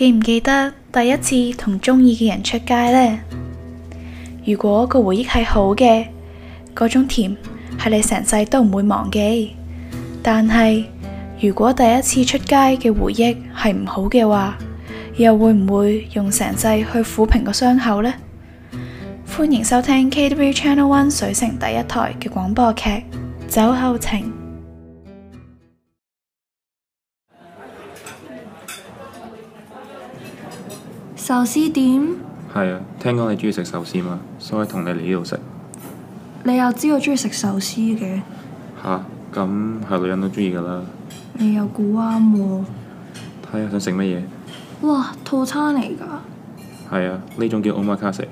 記唔記得第一次同鍾意嘅人出街呢？如果個回憶係好嘅，嗰種甜係你成世都唔會忘記。但係如果第一次出街嘅回憶係唔好嘅話，又會唔會用成世去撫平個傷口呢？歡迎收聽 KW Channel One 水城第一台嘅廣播劇《酒後情》。壽司店。係啊，聽講你中意食壽司嘛，所以同你嚟呢度食。你又知我中意食壽司嘅？吓、啊？咁係女人都中意噶啦。你又估啱喎。睇下想食乜嘢？哇，套餐嚟㗎。係啊，呢種叫奧馬卡食。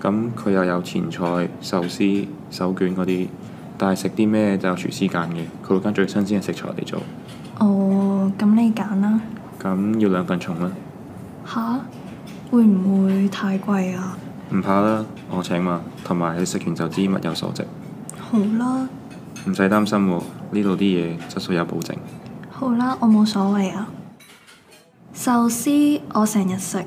咁、嗯、佢又有前菜、壽司、手卷嗰啲，但係食啲咩就有廚師揀嘅，佢會揀最新鮮嘅食材嚟做。哦，咁你揀啦。咁、嗯、要兩份重啦。吓、啊？會唔會太貴啊？唔怕啦，我請嘛，同埋你食完就知物有所值。好啦，唔使擔心喎，呢度啲嘢質素有保證。好啦，我冇所謂啊。壽司我成日食，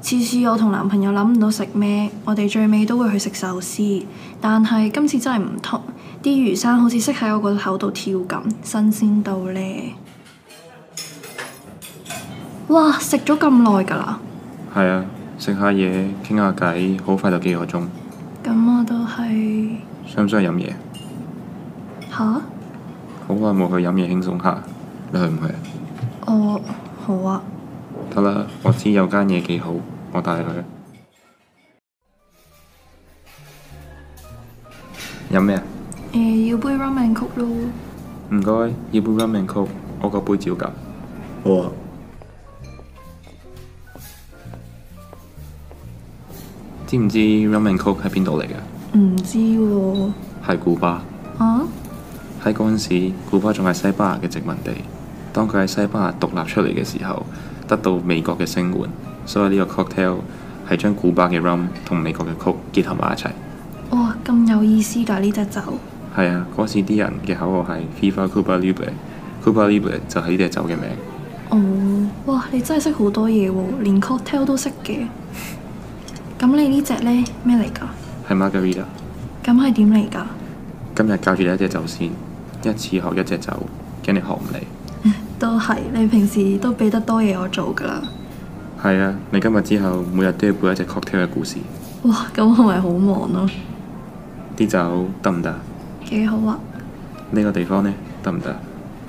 次次我同男朋友諗唔到食咩，我哋最尾都會去食壽司。但係今次真係唔同，啲魚生好似識喺我個口度跳咁，新鮮到咧。哇！食咗咁耐㗎啦～係啊，食下嘢，傾下偈，好快就幾個鐘。咁、嗯、我都係。想唔想飲嘢？吓？好耐冇去飲嘢哈輕鬆下，你去唔去啊？哦，好啊。得啦，我知有間嘢幾好，我帶你。飲咩啊？誒、呃，要杯 Rum and Coke 咯。唔該，要杯 Rum and Coke，我個杯照舊。好啊。知唔知 Rum and Coke 喺邊度嚟噶？唔知喎、啊。係古巴。啊？喺嗰陣時，古巴仲係西班牙嘅殖民地。當佢喺西班牙獨立出嚟嘅時候，得到美國嘅聲援。所以呢個 cocktail 係將古巴嘅 rum 同美國嘅曲結合埋一齊。哇，咁有意思噶呢隻酒。係啊，嗰時啲人嘅口號係 Viva Cuba Libre，Cuba Libre 就係呢隻酒嘅名。哦，哇！你真係識好多嘢、啊，連 cocktail 都識嘅。咁你呢隻呢？咩嚟噶？係 Margarita。咁係點嚟噶？今日教住你一隻酒先，一次學一隻酒，驚你學唔嚟。都係，你平時都俾得多嘢我做噶啦。係啊，你今日之後每日都要背一隻 cocktail 嘅故事。哇，咁我咪好忙咯、啊？啲酒得唔得？幾好啊！呢個地方呢？得唔得？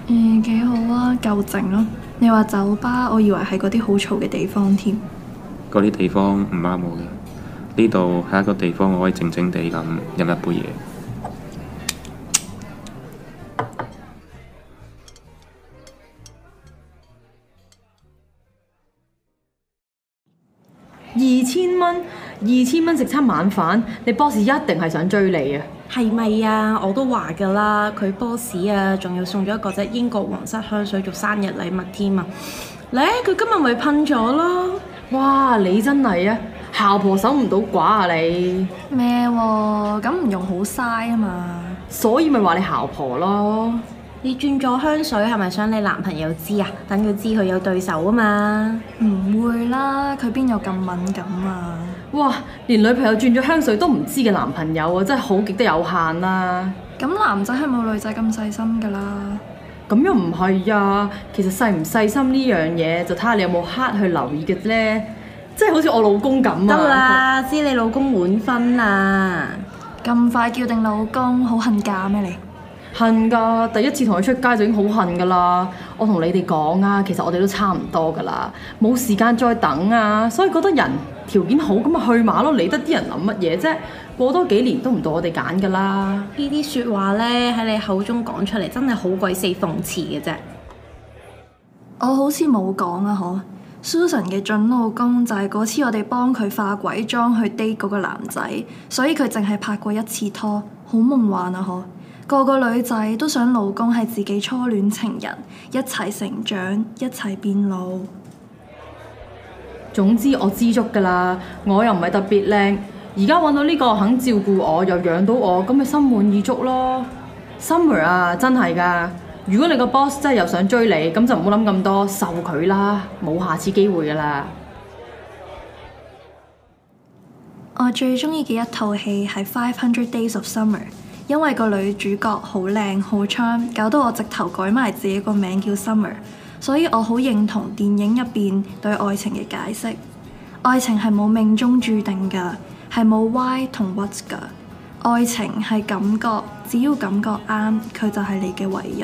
嗯，幾好啊，夠靜咯。你話酒吧，我以為係嗰啲好嘈嘅地方添。嗰啲地方唔啱我嘅。呢度係一個地方，我可以靜靜地咁飲一杯嘢。二千蚊，二千蚊食餐晚飯，你 boss 一定係想追你啊！係咪啊？我都話㗎喇，佢 boss 啊，仲要送咗一個隻英國皇室香水做生日禮物添啊！咧，佢今日咪噴咗咯！哇，你真係啊！姣婆守唔到寡啊你咩喎？咁唔、啊、用好嘥啊嘛，所以咪話你姣婆咯。你轉咗香水係咪想你男朋友知啊？等佢知佢有對手啊嘛？唔會啦，佢邊有咁敏感啊？哇！連女朋友轉咗香水都唔知嘅男朋友啊，真係好極得有限啦、啊。咁男仔係冇女仔咁細心㗎啦。咁又唔係啊。其實細唔細心呢樣嘢就睇下你有冇刻去留意嘅啫。即係好似我老公咁啊！得啦了，嗯、知你老公滿分啦！咁快叫定老公，好恨嫁咩你？恨噶，第一次同佢出街就已經好恨噶啦！我同你哋講啊，其實我哋都差唔多噶啦，冇時間再等啊，所以覺得人條件好咁啊去馬咯，理得啲人諗乜嘢啫？過多幾年都唔到我哋揀噶啦！說呢啲説話咧喺你口中講出嚟，真係好鬼死諷刺嘅啫！我好似冇講啊，嗬～Susan 嘅準老公就係嗰次我哋幫佢化鬼妝去 date 嗰個男仔，所以佢淨係拍過一次拖，好夢幻啊！嗬，個個女仔都想老公係自己初戀情人，一齊成長，一齊變老。總之我知足噶啦，我又唔係特別靚，而家揾到呢個肯照顧我又養到我，咁咪心滿意足咯。Summer 啊，真係噶～如果你個 boss 真係又想追你，咁就唔好諗咁多，受佢啦，冇下次機會噶啦。我最鍾意嘅一套戲係《Five Hundred Days of Summer》，因為個女主角好靚好 charm，搞到我直頭改埋自己個名叫 Summer。所以我好認同電影入邊對愛情嘅解釋：愛情係冇命中注定噶，係冇 why 同 what 噶，愛情係感覺，只要感覺啱，佢就係你嘅唯一。